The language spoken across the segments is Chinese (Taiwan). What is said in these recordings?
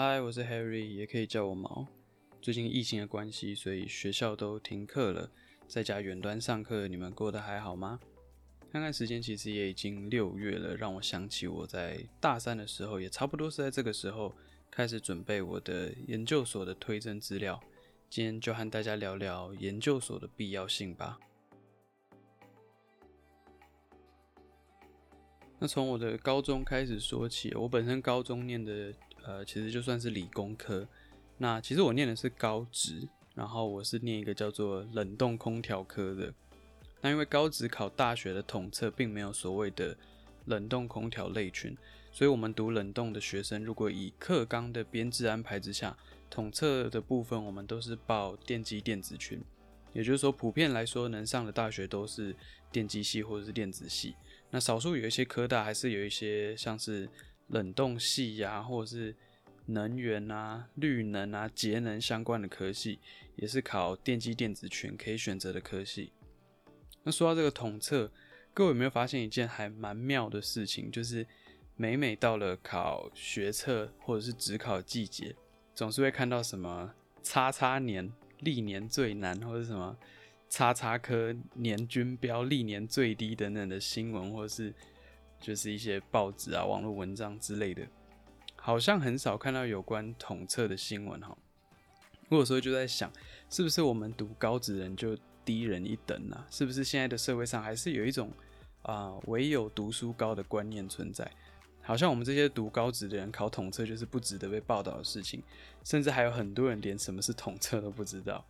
嗨，我是 Harry，也可以叫我毛。最近疫情的關係，所以學校都停課了，在家遠端上課。你們過得還好嗎？看看時間，其實也已經六月了，讓我想起我在大三的時候，也差不多是在這個時候開始準備我的研究所的推甄資料。今天就和大家聊聊研究所的必要性吧。那從我的高中開始說起，我本身高中念的。呃，其實就算是理工科，那其實我念的是高職，然後我是念一個叫做冷凍空調科的。那因為高職考大學的統測並沒有所謂的冷凍空調類群，所以我們讀冷凍的學生，如果以課綱的編製安排之下，統測的部分我們都是報電機電子群，也就是說，普遍來說能上的大學都是電機系或者是電子系。那少數有一些科大，還是有一些像是。冷凍系呀、啊，或者是能源啊、綠能啊、節能相關的科系，也是考電機電子群可以選擇的科系。那說到這個統測，各位有沒有發現一件還蠻妙的事情？就是每每到了考學測或者是指考季節，總是會看到什麼“叉叉年歷年最難”或者什麼“叉叉科年均標歷年最低”等等的新聞，或者是。就是一些報紙啊、網絡文章之類的，好像很少看到有關統測的新聞哈。我有時候就在想，是不是我們讀高職的人就低人一等呢、啊？是不是現在的社會上還是有一種啊、呃、唯有讀書高的觀念存在？好像我們這些讀高職的人考統測就是不值得被報道的事情，甚至還有很多人連什麼是統測都不知道。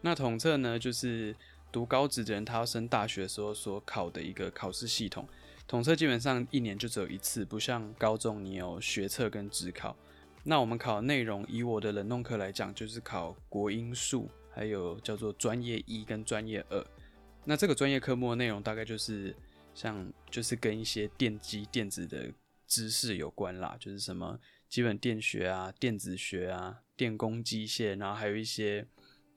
那統測呢，就是讀高職的人他要升大學的時候所考的一個考試系統。統測基本上一年就只有一次，不像高中你有學測跟指考。那我們考內容，以我的冷凍科來講，就是考國英數，還有叫做專業一跟專業二。那這個專業科目的內容大概就是像，就是跟一些電機電子的知識有關啦，就是什麼基本電學啊、電子學啊、電工機械，然後還有一些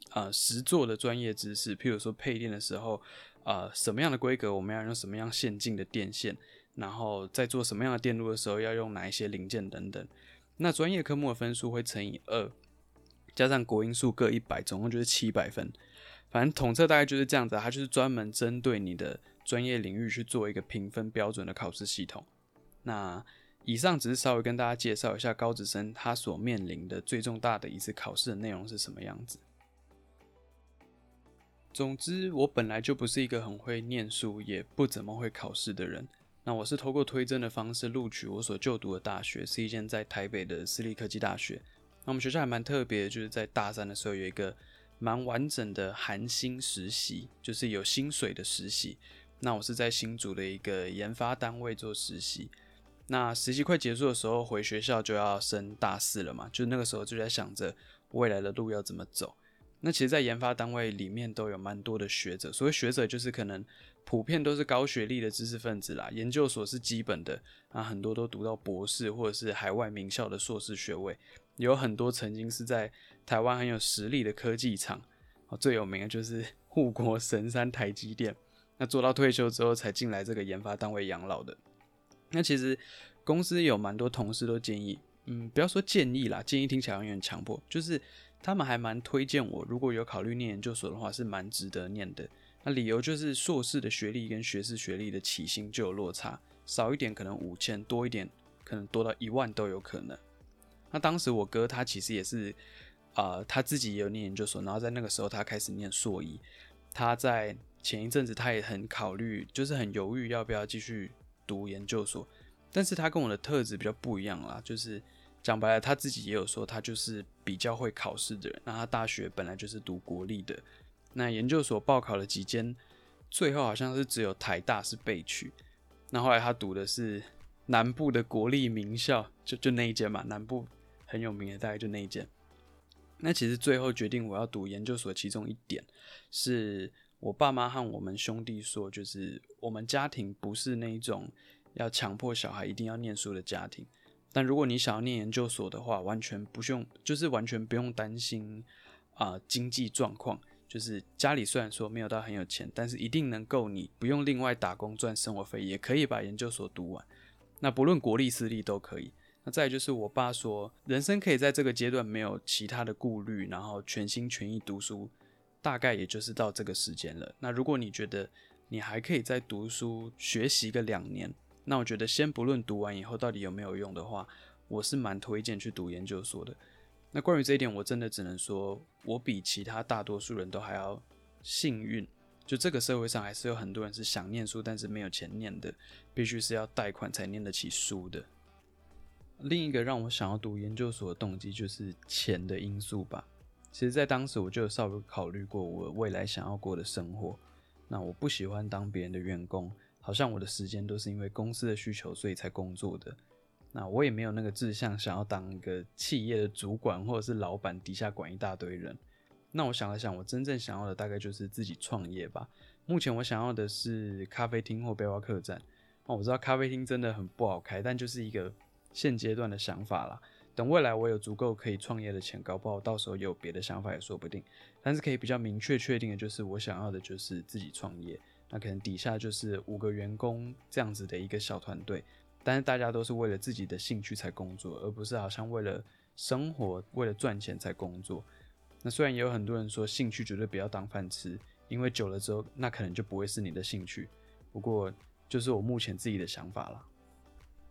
啊、呃、實作的專業知識，譬如說配電的時候。啊、呃，什麼樣的規格我們要用什麼樣線徑的電線，然後在做什麼樣的電路的時候要用哪一些零件等等。那專業科目的分數會乘以二，加上國英數各一百，總共就是七百分。反正統測大概就是這樣子，它就是專門針對你的專業領域去做一個評分標準的考試系統。那以上只是稍微跟大家介紹一下高職生他所面臨的最重大的一次考試的內容是什麼樣子。總之，我本來就不是一個很會念書，也不怎麼會考試的人。那我是透過推甄的方式錄取我所就讀的大學，是一間在台北的私立科技大學。那我們學校還蠻特別的，就是在大三的時候有一個蠻完整的含薪實習，就是有薪水的實習。那我是在新竹的一個研發單位做實習。那實習快結束的時候，回學校就要升大四了嘛，就那個時候就在想着未來的路要怎麼走。那其實，在研發單位裡面都有蠻多的學者。所謂學者，就是可能普遍都是高學歷的知識分子啦。研究所是基本的啊，很多都讀到博士，或者是海外名校的碩士學位。有很多曾經是在台灣很有實力的科技廠，啊，最有名的就是護國神山台積電。那做到退休之後，才進來這個研發單位養老的。那其實公司有蠻多同事都建議，嗯，不要說建議啦，建議聽起來有點強迫，就是。他們還蠻推薦我，如果有考慮念研究所的話，是蠻值得念的。那理由就是碩士的學歷跟學士學歷的起薪就有落差，少一點可能五千，多一點可能多到一萬都有可能。那當時我哥他其實也是，啊、呃，他自己也有念研究所，然後在那個時候他開始念碩一。他在前一陣子他也很考慮，就是很猶豫要不要繼續讀研究所，但是他跟我的特質比較不一樣啦，就是。講白了，他自己也有說，他就是比較會考試的人。那他大學本來就是讀國立的，那研究所報考了幾間，最後好像是只有台大是備取。那後來他讀的是南部的國立名校，就就那一間嘛，南部很有名的，大概就那一間。那其實最後決定我要讀研究所，其中一點是我爸媽和我們兄弟說，就是我們家庭不是那一種要強迫小孩一定要念書的家庭。但如果你想要念研究所的話，完全不用，就是完全不用擔心啊、呃、經濟狀況。就是家裡雖然說沒有到很有錢，但是一定能夠你不用另外打工賺生活費，也可以把研究所讀完。那不論國立私立都可以。那再就是我爸說，人生可以在這個階段沒有其他的顧慮，然後全心全意讀書，大概也就是到這個時間了。那如果你覺得你還可以再讀書學習個兩年，那我覺得，先不論讀完以後到底有沒有用的話，我是蠻推薦去讀研究所的。那關於這一點，我真的只能說，我比其他大多數人都還要幸運。就這個社會上，還是有很多人是想念書，但是沒有錢念的，必須是要貸款才念得起書的。另一個讓我想要讀研究所的動機，就是錢的因素吧。其實，在當時我就稍微考慮過我未來想要過的生活。那我不喜歡當別人的員工。好像我的時間都是因為公司的需求，所以才工作的。那我也沒有那個志向，想要當一個企業的主管或者是老闆，底下管一大堆人。那我想了想，我真正想要的大概就是自己創業吧。目前我想要的是咖啡廳或背包客棧。那、哦、我知道咖啡廳真的很不好開，但就是一個現階段的想法啦。等未來我有足夠可以創業的錢，搞不好到時候也有別的想法也說不定。但是可以比較明確確定的就是，我想要的就是自己創業。那可能底下就是五個員工這樣子的一個小團隊，但是大家都是為了自己的興趣才工作，而不是好像為了生活、為了賺錢才工作。那雖然也有很多人說興趣絕對不要當飯吃，因為久了之後那可能就不會是你的興趣。不過就是我目前自己的想法啦。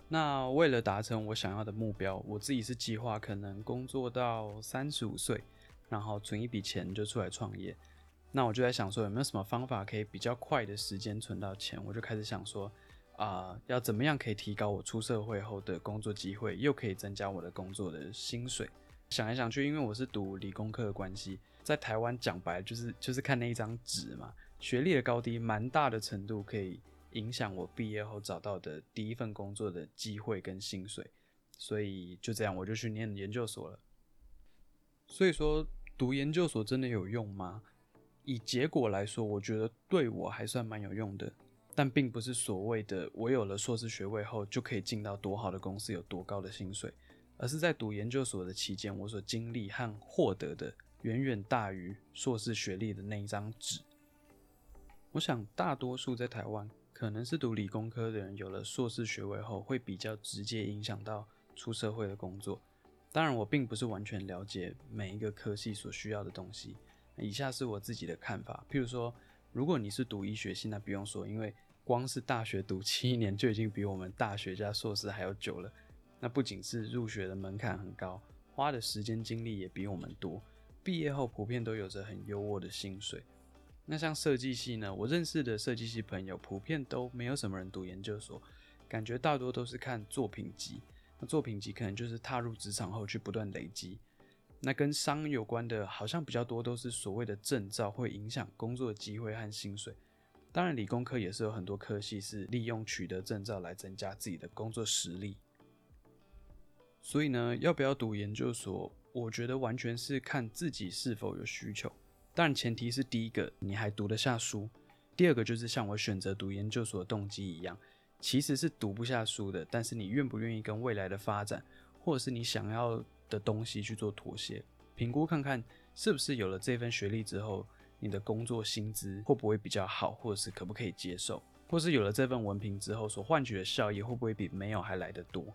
那為了達成我想要的目標，我自己是計劃可能工作到三十五歲，然後存一筆錢就出來創業。那我就在想說，有沒有什麼方法可以比較快的時間存到錢？我就開始想說，啊、呃，要怎麼樣可以提高我出社會後的工作機會，又可以增加我的工作的薪水？想來想去，因為我是讀理工科的關係，在台灣講白就是，就是看那一張紙嘛，學歷的高低，蠻大的程度可以影響我畢業後找到的第一份工作的機會跟薪水。所以就這樣，我就去念研究所了。所以說，讀研究所真的有用嗎？以結果來說，我覺得對我還算蠻有用的，但並不是所謂的我有了碩士學位後就可以進到多好的公司，有多高的薪水，而是在讀研究所的期間，我所經歷和獲得的遠遠大於碩士學歷的那一張紙。我想大多數在台灣可能是讀理工科的人，有了碩士學位後會比較直接影響到出社會的工作。當然，我並不是完全了解每一個科系所需要的東西。以下是我自己的看法。譬如說，如果你是讀醫學系，那不用說，因為光是大學讀七年就已經比我們大學加碩士還要久了。那不僅是入學的門檻很高，花的時間精力也比我們多。畢業後普遍都有着很優渥的薪水。那像設計系呢？我認識的設計系朋友普遍都沒有什麼人讀研究所，感覺大多都是看作品集。那作品集可能就是踏入職場後去不斷累積。那跟商有關的，好像比較多都是所謂的證照，會影響工作機會和薪水。當然，理工科也是有很多科系是利用取得證照來增加自己的工作實力。所以呢，要不要讀研究所，我覺得完全是看自己是否有需求。當然，前提是第一個，你還讀得下書；第二個就是像我選擇讀研究所的動機一樣，其實是讀不下書的。但是你願不願意跟未來的發展，或者是你想要的東西去做妥協，評估看看是不是有了這份學歷之後，你的工作薪資會不會比較好，或者是可不可以接受，或是有了這份文憑之後所換取的效益會不會比沒有還來得多？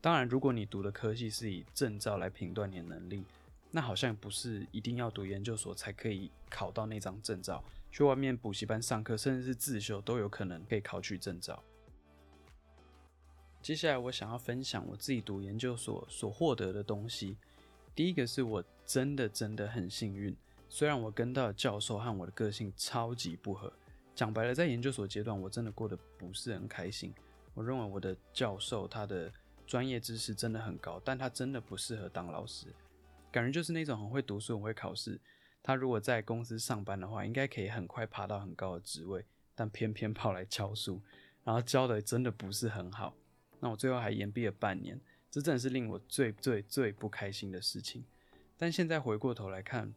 當然，如果你讀的科系是以證照來評斷你的能力，那好像不是一定要讀研究所才可以考到那張證照，去外面補習班上課，甚至是自修都有可能可以考取證照。接下來我想要分享我自己讀研究所所獲得的東西。第一個是我真的真的很幸運，雖然我跟到的教授和我的個性超級不合。講白了，在研究所階段我真的過得不是很開心。我認為我的教授他的專業知識真的很高，但他真的不適合當老師。感覺就是那種很會讀書、很會考試。他如果在公司上班的話，應該可以很快爬到很高的職位，但偏偏跑來教書，然後教的真的不是很好。那我最後還延畢了半年，這真的是令我最最最不開心的事情。但現在回過頭來看，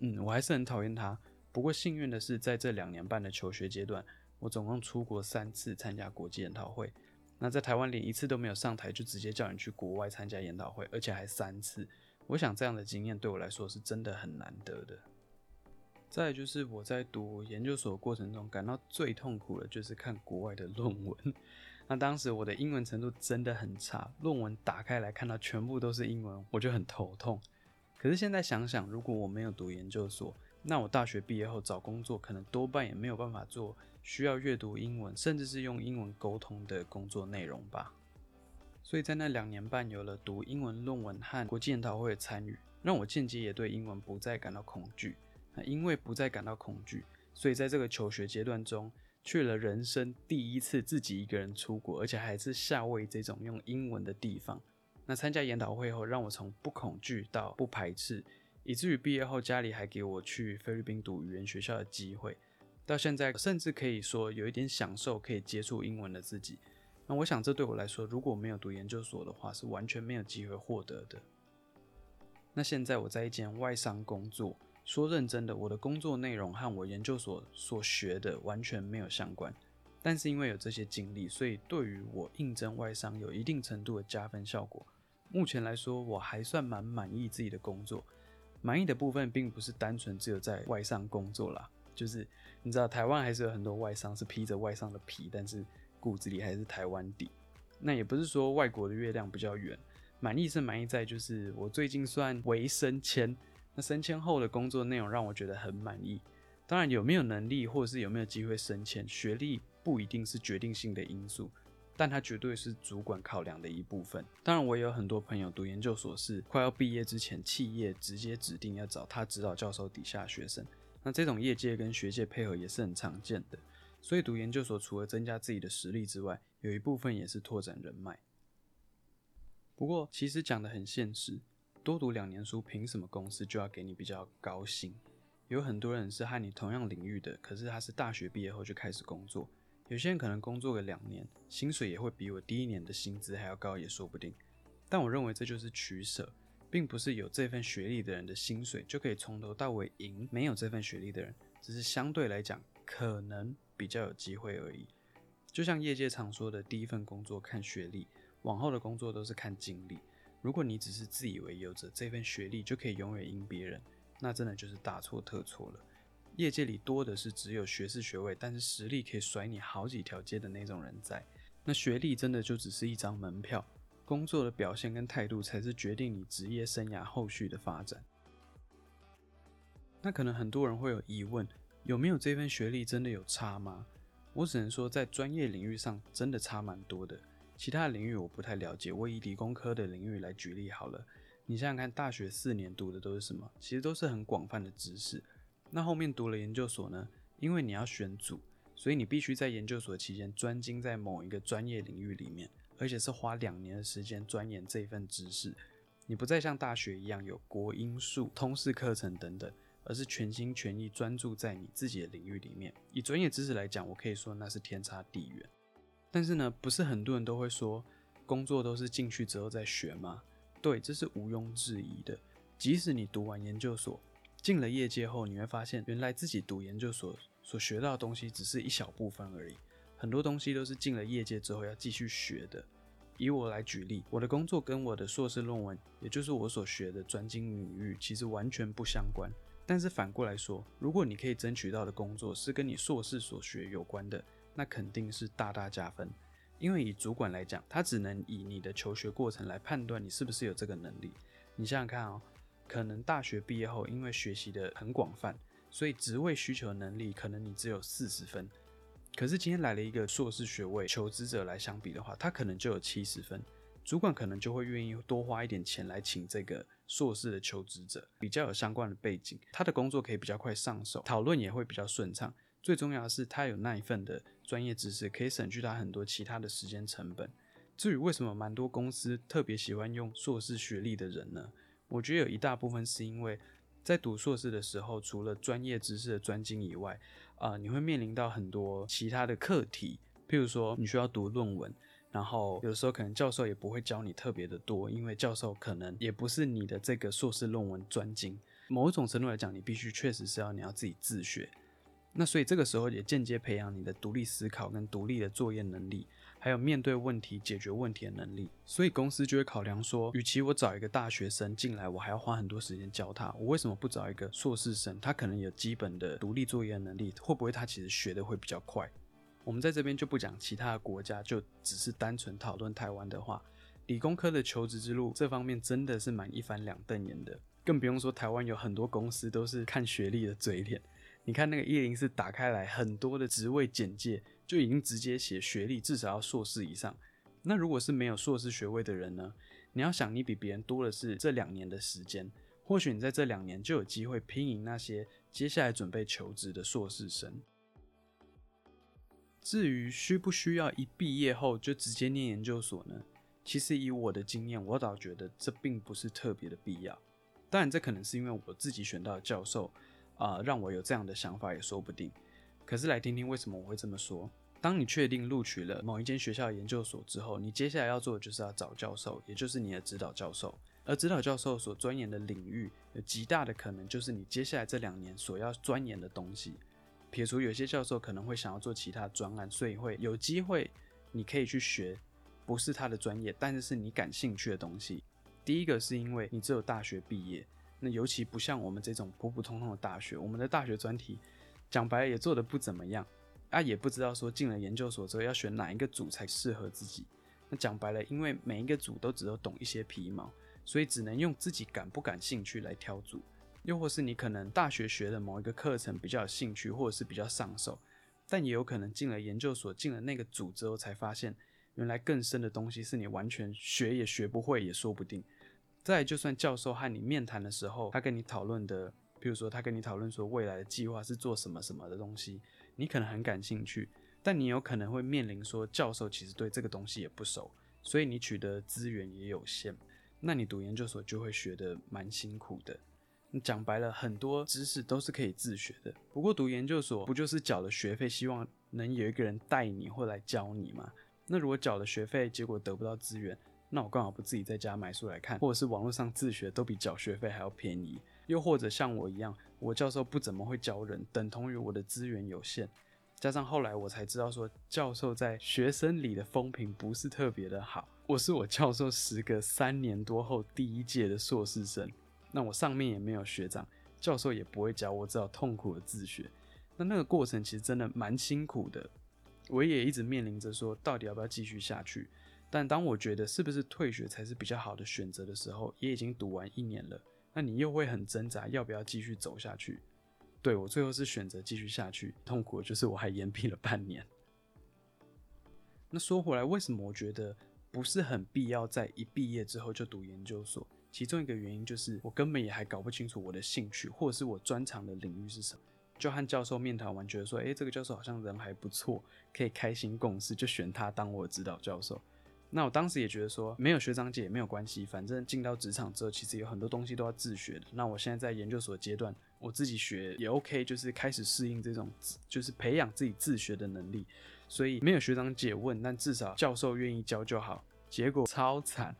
嗯，我還是很討厭他。不過幸運的是，在這兩年半的求學階段，我總共出國三次參加國際研討會。那在台灣連一次都沒有上台，就直接叫人去國外參加研討會，而且還三次。我想這樣的經驗對我來說是真的很難得的。再來就是我在讀研究所過程中感到最痛苦的就是看國外的論文。那當時我的英文程度真的很差，論文打開來看到全部都是英文，我就很頭痛。可是現在想想，如果我沒有讀研究所，那我大學畢業後找工作，可能多半也沒有辦法做需要閱讀英文，甚至是用英文溝通的工作內容吧。所以在那兩年半，有了讀英文論文和國際研討會的參與，讓我間接也對英文不再感到恐懼。那因為不再感到恐懼，所以在這個求學階段中，去了人生第一次自己一個人出國，而且還是夏威夷這種用英文的地方。那參加研討會後，讓我從不恐懼到不排斥，以至於畢業後家裡還給我去菲律賓讀語言學校的機會。到現在，甚至可以說有一點享受可以接觸英文的自己。那我想，這對我來說，如果沒有讀研究所的話，是完全沒有機會獲得的。那現在我在一間外商工作。說認真的，我的工作內容和我研究所所學的完全沒有相關，但是因為有這些經歷，所以對於我應徵外商有一定程度的加分效果。目前來說，我還算蠻滿意自己的工作，滿意的部分並不是單純只有在外商工作啦，就是你知道台灣還是有很多外商是披着外商的皮，但是骨子裡還是台灣底。那也不是說外國的月亮比較圓，滿意是滿意在就是我最近算微升遷那升遷後的工作內容讓我覺得很滿意。當然，有沒有能力或者是有沒有機會升遷，學歷不一定是決定性的因素，但它絕對是主管考量的一部分。當然，我也有很多朋友讀研究所是快要畢業之前，企業直接指定要找他指導教授底下學生。那這種業界跟學界配合也是很常見的。所以讀研究所除了增加自己的實力之外，有一部分也是拓展人脈。不過，其實講得很現實。多讀兩年書，憑什麼公司就要給你比較高薪？有很多人是和你同樣領域的，可是他是大學畢業後就開始工作。有些人可能工作個兩年，薪水也會比我第一年的薪資還要高，也說不定。但我認為這就是取舍，並不是有這份學歷的人的薪水就可以從頭到尾贏，沒有這份學歷的人只是相對來講可能比較有機會而已。就像業界常說的，第一份工作看學歷，往後的工作都是看經歷。如果你只是自以為有着這份學歷就可以永遠贏別人，那真的就是大錯特錯了。業界裡多的是只有學士學位，但是實力可以甩你好幾條街的那種人在。那學歷真的就只是一張門票，工作的表現跟態度才是決定你職業生涯後續的發展。那可能很多人會有疑問，有沒有這份學歷真的有差嗎？我只能說，在專業領域上真的差蠻多的。其他的領域我不太了解，我以理工科的領域來舉例好了。你想想看，大學四年讀的都是什麼？其實都是很廣泛的知識。那後面讀了研究所呢？因為你要選組，所以你必須在研究所期間專精在某一個專業領域裡面，而且是花兩年的時間鑽研這一份知識。你不再像大學一樣有國英數通識課程等等，而是全心全意專注在你自己的領域裡面。以專業知識來講，我可以說那是天差地遠。但是呢，不是很多人都會說，工作都是進去之後再學嗎？對，這是毋庸置疑的。即使你讀完研究所，進了業界後，你會發現，原來自己讀研究所所學到的東西只是一小部分而已，很多東西都是進了業界之後要繼續學的。以我來舉例，我的工作跟我的碩士論文，也就是我所學的專精領域，其實完全不相關。但是反過來說，如果你可以爭取到的工作是跟你碩士所學有關的，那肯定是大大加分，因為以主管來講，他只能以你的求學過程來判斷你是不是有這個能力。你想想看哦，可能大學畢業後，因為學習得很廣泛，所以職位需求能力可能你只有四十分。可是今天來了一個碩士學位求職者來相比的話，他可能就有七十分，主管可能就會願意多花一點錢來請這個碩士的求職者，比較有相關的背景，他的工作可以比較快上手，討論也會比較順暢。最重要的是，他有那一份的專業知識，可以省去他很多其他的時間成本。至於為什麼蠻多公司特別喜歡用碩士學歷的人呢？我覺得有一大部分是因為在讀碩士的時候，除了專業知識的專精以外，啊、呃，你會面臨到很多其他的課題，譬如說你需要讀論文，然後有時候可能教授也不會教你特別的多，因為教授可能也不是你的這個碩士論文專精。某一種程度來講，你必須確實是要你要自己自學。那所以這個時候也間接培養你的獨立思考跟獨立的作業能力，還有面對問題、解決問題的能力。所以公司就會考量說，與其我找一個大學生進來，我還要花很多時間教他，我為什麼不找一個碩士生？他可能有基本的獨立作業能力，會不會他其實學的會比較快？我們在這邊就不講其他的國家，就只是單純討論台灣的話，理工科的求職之路這方面真的是蠻一翻兩瞪眼的，更不用說台灣有很多公司都是看學歷的嘴臉。你看那個104打開來，很多的職位簡介就已經直接寫學歷，至少要碩士以上。那如果是沒有碩士學位的人呢？你要想，你比別人多的是這兩年的時間，或許你在這兩年就有機會拼贏那些接下來準備求職的碩士生。至於需不需要一畢業後就直接念研究所呢？其實以我的經驗，我倒覺得這並不是特別的必要。當然，這可能是因為我自己選到的教授。啊，讓我有這樣的想法也說不定。可是來聽聽為什麼我會這麼說。當你確定錄取了某一間學校研究所之後，你接下來要做的就是要找教授，也就是你的指導教授。而指導教授所鑽研的領域，有極大的可能就是你接下來這兩年所要鑽研的東西。撇除有些教授可能會想要做其他專案，所以會有機會你可以去學，不是他的專業，但是是你感興趣的東西。第一個是因為你只有大學畢業。那尤其不像我們這種普普通通的大學，我們的大學專題，講白了也做得不怎麼樣，啊也不知道說進了研究所之後要選哪一個組才適合自己。那講白了，因為每一個組都只有懂一些皮毛，所以只能用自己感不感興趣來挑組，又或是你可能大學學的某一個課程比較有興趣，或者是比較上手，但也有可能進了研究所進了那個組之後才發現，原來更深的東西是你完全學也學不會也說不定。再來，就算教授和你面談的時候，他跟你討論的，比如說他跟你討論說未來的計劃是做什麼什麼的東西，你可能很感興趣，但你有可能會面臨說教授其實對這個東西也不熟，所以你取得資源也有限，那你讀研究所就會學得蠻辛苦的。你講白了，很多知識都是可以自學的，不過讀研究所不就是繳了學費，希望能有一個人帶你或來教你嗎？那如果繳了學費，結果得不到資源，那我剛好不自己在家買書來看，或者是網絡上自學，都比繳學費還要便宜。又或者像我一樣，我教授不怎麼會教人，等同於我的資源有限。加上後來我才知道說，教授在學生裡的風評不是特別的好。我是我教授時隔三年多後第一屆的碩士生，那我上面也沒有學長，教授也不會教，我只好痛苦的自學。那那個過程其實真的蠻辛苦的，我也一直面臨着說，到底要不要繼續下去？但當我覺得是不是退學才是比較好的選擇的時候，也已經讀完一年了。那你又會很掙扎，要不要繼續走下去？對，我最後是選擇繼續下去，痛苦的就是我還延畢了半年。那說回來，為什麼我覺得不是很必要在一畢業之後就讀研究所？其中一個原因就是我根本也還搞不清楚我的興趣或者是我專長的領域是什麼，就和教授面談完，覺得說，誒，這個教授好像人還不錯，可以開心共事，就選他當我的指導教授。那我當時也覺得說沒有學長姐也沒有關係，反正進到職場之後，其實有很多東西都要自學的。那我現在在研究所階段，我自己學也 OK，就是開始適應這種，就是培養自己自學的能力。所以沒有學長姐問，但至少教授願意教就好。結果超慘。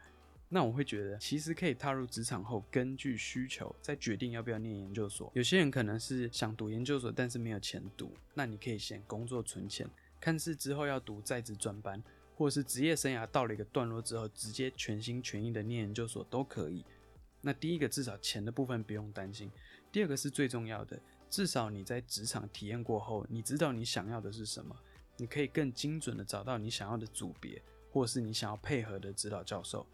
那我會覺得，其實可以踏入職場後，根據需求再決定要不要念研究所。有些人可能是想讀研究所，但是沒有錢讀，那你可以先工作存錢，看是之後要讀在職專班。或者是職業生涯到了一個段落之後，直接全心全意的念研究所都可以。那第一個至少錢的部分不用擔心，第二個是最重要的，至少你在職場體驗過後，你知道你想要的是什麼，你可以更精準的找到你想要的組別，或是你想要配合的指導教授。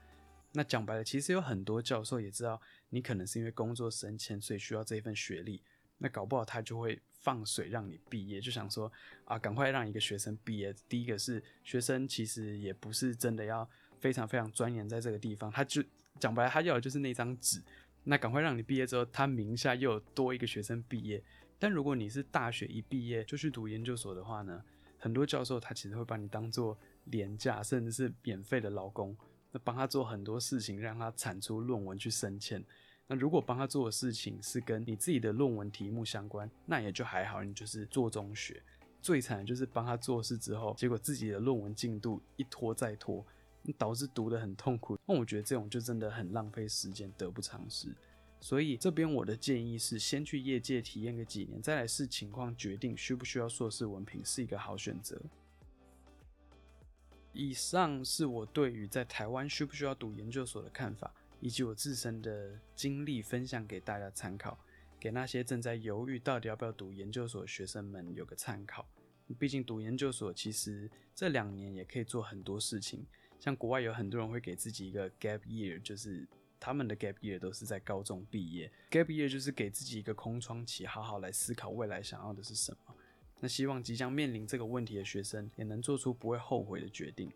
那講白了，其實有很多教授也知道你可能是因為工作升遷，所以需要這一份學歷。那搞不好他就會放水讓你畢業，就想說啊，趕快讓一個學生畢業。第一個是學生其實也不是真的要非常非常鑽研在這個地方，他就講白了，他要的就是那張紙。那趕快讓你畢業之後，他名下又多一個學生畢業。但如果你是大學一畢業就去讀研究所的話呢，很多教授他其實會把你當做廉價甚至是免費的勞工，那幫他做很多事情，讓他產出論文去升遷。那如果幫他做的事情是跟你自己的論文題目相關，那也就還好，你就是做中學。最慘的就是幫他做事之後，結果自己的論文進度一拖再拖，你導致讀得很痛苦。那我覺得這種就真的很浪費時間，得不償失。所以這邊我的建議是，先去業界體驗個幾年，再來視情況決定需不需要碩士文憑是一個好選擇。以上是我對於在台灣需不需要讀研究所的看法。以及我自身的經歷分享給大家參考，給那些正在猶豫到底要不要讀研究所的學生們有個參考。畢竟讀研究所其實這兩年也可以做很多事情，像國外有很多人會給自己一個 gap year，就是他們的 gap year 都是在高中畢業，gap year 就是給自己一個空窗期，好好來思考未來想要的是什麼。那希望即將面臨這個問題的學生也能做出不會後悔的決定。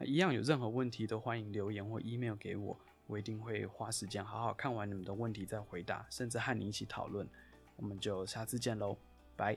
一樣有任何問題都歡迎留言或 email 給我，我一定會花時間好好看完你們的問題再回答，甚至和你一起討論。我們就下次見嘍，拜。